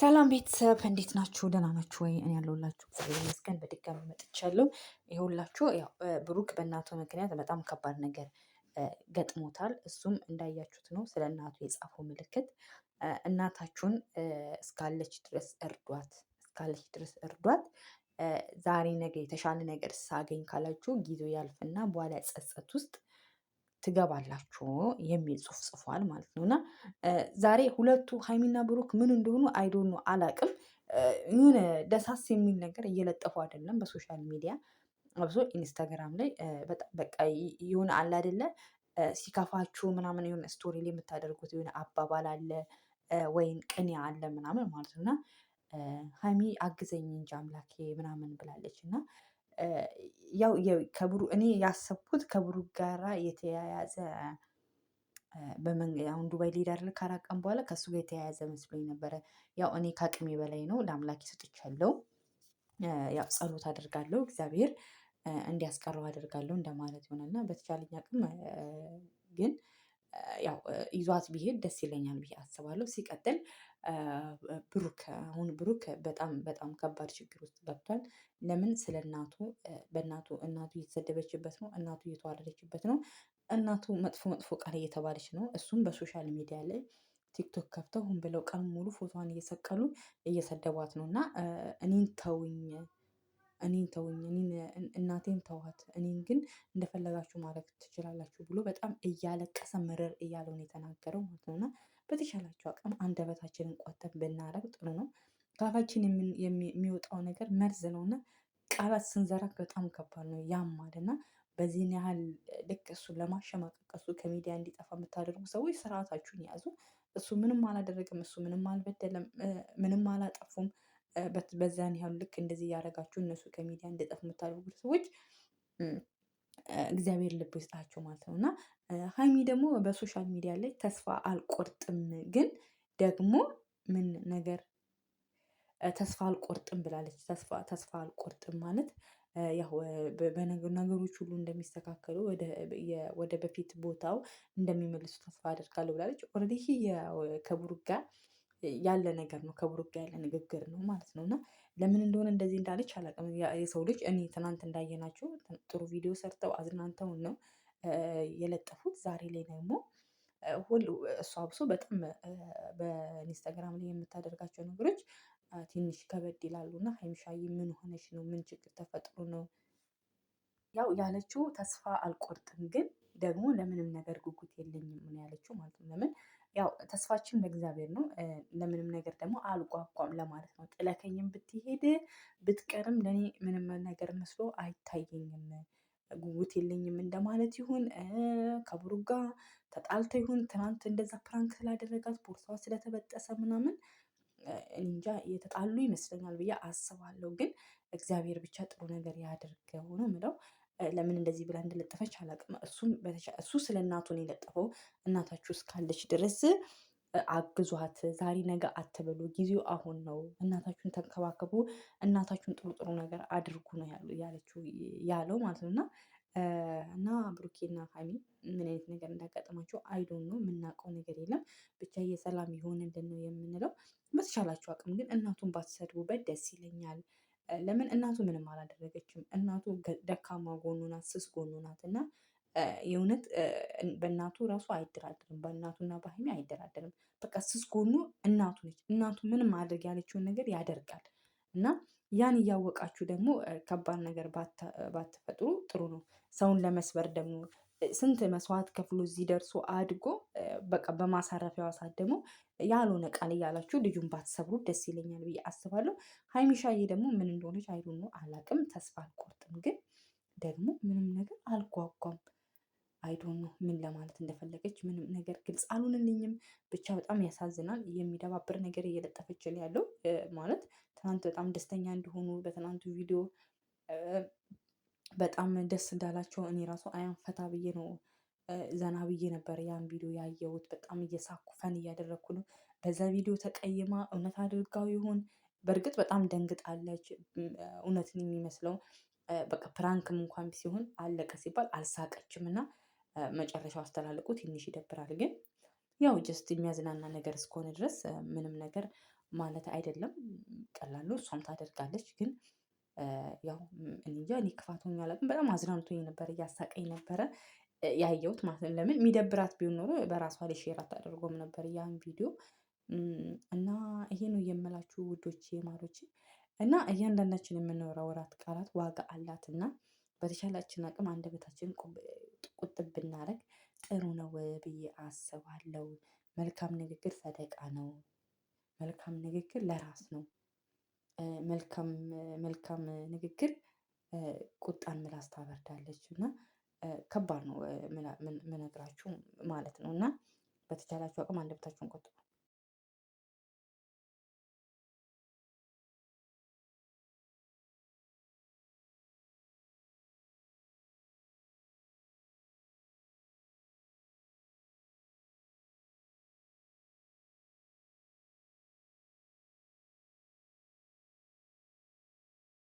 ሰላም ቤተሰብ እንዴት ናችሁ? ደህና ናችሁ ወይ? እኔ ያለሁላችሁ እግዚአብሔር ይመስገን በድጋሚ መጥቻለሁ። ይኸውላችሁ ያው ብሩክ በእናቱ ምክንያት በጣም ከባድ ነገር ገጥሞታል። እሱም እንዳያችሁት ነው። ስለ እናቱ የጻፈው ምልክት እናታችሁን እስካለች ድረስ እርዷት፣ እስካለች ድረስ እርዷት። ዛሬ ነገ የተሻለ ነገር ሳገኝ ካላችሁ ጊዜው ያልፍና በኋላ ጸጸት ውስጥ ትገባላችሁ የሚል ጽሁፍ ጽፏል ማለት ነው። እና ዛሬ ሁለቱ ሀይሚና ብሩክ ምን እንደሆኑ አይዶኑ አላቅም። ሆነ ደሳስ የሚል ነገር እየለጠፉ አይደለም በሶሻል ሚዲያ አብሶ ኢንስታግራም ላይ በቃ የሆነ አለ አይደለ ሲከፋችሁ ምናምን የሆነ ስቶሪ ላይ የምታደርጉት የሆነ አባባል አለ ወይም ቅኔ አለ ምናምን ማለት ነው እና ሀይሚ አግዘኝ እንጂ አምላኬ ምናምን ብላለች እና ያው እኔ ያሰብኩት ከብሩ ጋራ የተያያዘ በመንገድ አሁን ዱባይ ልሄድ አይደል ከአራት ቀን በኋላ ከእሱ ጋር የተያያዘ መስሎኝ ነበረ። ያው እኔ ከአቅሜ በላይ ነው ለአምላክ ሰጥቻለሁ። ያው ጸሎት አደርጋለሁ እግዚአብሔር እንዲያስቀረው አደርጋለሁ እንደማለት ይሆናል እና በተቻለኝ አቅም ግን ያው ይዟት ቢሄድ ደስ ይለኛል ብዬ አስባለሁ። ሲቀጥል ብሩክ አሁን ብሩክ በጣም በጣም ከባድ ችግር ውስጥ ገብቷል። ለምን ስለ እናቱ በእናቱ እናቱ እየተሰደበችበት ነው። እናቱ እየተዋረደችበት ነው። እናቱ መጥፎ መጥፎ ቃል እየተባለች ነው። እሱም በሶሻል ሚዲያ ላይ ቲክቶክ ከፍተው ሁን ብለው ቀን ሙሉ ፎቶዋን እየሰቀሉ እየሰደቧት ነው እና እኔን ተውኝ እኔን ተውኝ፣ እናቴን ተዋት፣ እኔን ግን እንደፈለጋችሁ ማድረግ ትችላላችሁ ብሎ በጣም እያለቀሰ ምርር እያለው ነው የተናገረው ማለት ነው። እና በተሻላችሁ አቅም አንደበታችንን ቆጠብ ብናደርግ ጥሩ ነው። ከአፋችን የሚወጣው ነገር መርዝ ነው እና ቃላት ስንዘራት በጣም ከባድ ነው፣ ያማል እና በዚህን ያህል ልክ እሱን ለማሸማቀቅ እሱ ከሚዲያ እንዲጠፋ የምታደርጉ ሰዎች ስርዓታችሁን ያዙ። እሱ ምንም አላደረገም፣ እሱ ምንም አልበደለም፣ ምንም አላጠፉም። በዛን ያህል ልክ እንደዚህ እያደረጋችሁ እነሱ ከሚዲያ እንደጠፍ የምታደርጉት ሰዎች እግዚአብሔር ልብ ይስጣቸው ማለት ነው እና ሀይሚ ደግሞ በሶሻል ሚዲያ ላይ ተስፋ አልቆርጥም ግን ደግሞ ምን ነገር ተስፋ አልቆርጥም ብላለች። ተስፋ አልቆርጥም ማለት ያው ነገሮች ሁሉ እንደሚስተካከሉ ወደ በፊት ቦታው እንደሚመልሱ ተስፋ አደርጋለሁ ብላለች። ኦልሬዲ ከብሩክ ጋር ያለ ነገር ነው ከብሩክ ያለ ንግግር ነው ማለት ነው። እና ለምን እንደሆነ እንደዚህ እንዳለች አላውቅም። የሰው ልጅ እኔ ትናንት እንዳየናቸው ጥሩ ቪዲዮ ሰርተው አዝናንተውን ነው የለጠፉት። ዛሬ ላይ ደግሞ ሁሉ እሷ አብሶ በጣም በኢንስታግራም ላይ የምታደርጋቸው ነገሮች ትንሽ ከበድ ይላሉ። እና ሀይሚሻዬ ምን ሆነች ነው? ምን ችግር ተፈጥሮ ነው? ያው ያለችው ተስፋ አልቆርጥም፣ ግን ደግሞ ለምንም ነገር ጉጉት የለኝም ነው ያለችው ማለት ነው። ለምን ያው ተስፋችን በእግዚአብሔር ነው። ለምንም ነገር ደግሞ አልጓጓም ለማለት ነው። ጥለከኝም ብትሄድ ብትቀርም ለእኔ ምንም ነገር መስሎ አይታየኝም። ጉጉት የለኝም እንደማለት ይሁን ከብሩክ ጋር ተጣልቶ ይሁን ትናንት እንደዛ ፕራንክ ስላደረጋት ቦርሳዋ ስለተበጠሰ ምናምን እንጃ የተጣሉ ይመስለኛል ብዬ አስባለሁ። ግን እግዚአብሔር ብቻ ጥሩ ነገር ያድርገው ነው የምለው። ለምን እንደዚህ ብላ እንደለጠፈች አላቅም። እሱም እሱ ስለ እናቱ ነው የለጠፈው። እናታችሁ እስካለች ድረስ አግዟት። ዛሬ ነገ አትበሉ፣ ጊዜው አሁን ነው። እናታችሁን ተንከባከቡ፣ እናታችሁን ጥሩ ጥሩ ነገር አድርጉ ነው ያለችው ያለው ማለት ነው እና እና ብሩኬና ሀይሚ ምን አይነት ነገር እንዳጋጠማቸው አይዶን ነው የምናውቀው ነገር የለም። ብቻ የሰላም ይሆንልን ነው የምንለው። በተቻላችሁ አቅም ግን እናቱን ባትሰድቡበት ደስ ይለኛል። ለምን እናቱ ምንም አላደረገችም። እናቱ ደካማ ጎኑ ናት፣ ስስ ጎኑ ናት እና የእውነት በእናቱ ራሱ አይደራደርም። በእናቱና በሀይሚ አይደራደርም። በቃ ስስ ጎኑ እናቱ ነች። እናቱ ምንም አድርግ ያለችውን ነገር ያደርጋል እና ያን እያወቃችሁ ደግሞ ከባድ ነገር ባትፈጥሩ ጥሩ ነው። ሰውን ለመስበር ደግሞ ስንት መስዋዕት ከፍሎ እዚህ ደርሶ አድጎ በቃ በማሳረፊያዋ ሰዓት ደግሞ ያልሆነ ቃል እያላችሁ ልጁን ባትሰብሩ ደስ ይለኛል ብዬ አስባለሁ። ሀይሚሻዬ ደግሞ ምን እንደሆነች ነው አላቅም። ተስፋ አልቆርጥም፣ ግን ደግሞ ምንም ነገር አልጓጓም። ነው ምን ለማለት እንደፈለገች ምንም ነገር ግልጽ አልሆንልኝም። ብቻ በጣም ያሳዝናል። የሚደባብር ነገር እየለጠፈች ያለው ማለት ትናንት በጣም ደስተኛ እንደሆኑ በትናንቱ ቪዲዮ በጣም ደስ እንዳላቸው እኔ ራሱ አያን ፈታ ብዬ ነው ዘና ብዬ ነበር ያን ቪዲዮ ያየሁት። በጣም እየሳኩ ፈን እያደረግኩ ነው። በዛ ቪዲዮ ተቀይማ እውነት አድርጋው ይሆን? በእርግጥ በጣም ደንግጣለች። እውነትን የሚመስለው በቃ ፕራንክም እንኳን ሲሆን አለቀ ሲባል አልሳቀችም እና መጨረሻው አስተላለቁ ትንሽ ይደብራል። ግን ያው ጀስት የሚያዝናና ነገር እስከሆነ ድረስ ምንም ነገር ማለት አይደለም። ቀላሉ እሷም ታደርጋለች ግን ያው እንጃ እኔ ክፋቱን አላውቅም። በጣም አዝናንቶኝ ነበረ፣ እያሳቀኝ ነበረ ያየሁት ማለት ነው። ለምን የሚደብራት ቢሆን ኖሮ በራሷ ላይ ሼር አታደርጎም ነበር ያን ቪዲዮ። እና ይሄ ነው የምላችሁ ውዶቼ ማሮቼ። እና እያንዳንዳችን የምንወራወራት ቃላት ዋጋ አላት እና በተቻላችን አቅም አንደበታችንን ቁጥብ ብናደርግ ጥሩ ነው ብዬ አስባለሁ። መልካም ንግግር ሰደቃ ነው። መልካም ንግግር ለራስ ነው። መልካም መልካም ንግግር ቁጣን ምላስ ታበርዳለች እና ከባድ ነው። ምነግራችሁ ማለት ነው እና በተቻላችሁ አቅም አንደበታችሁን ቆጥቡ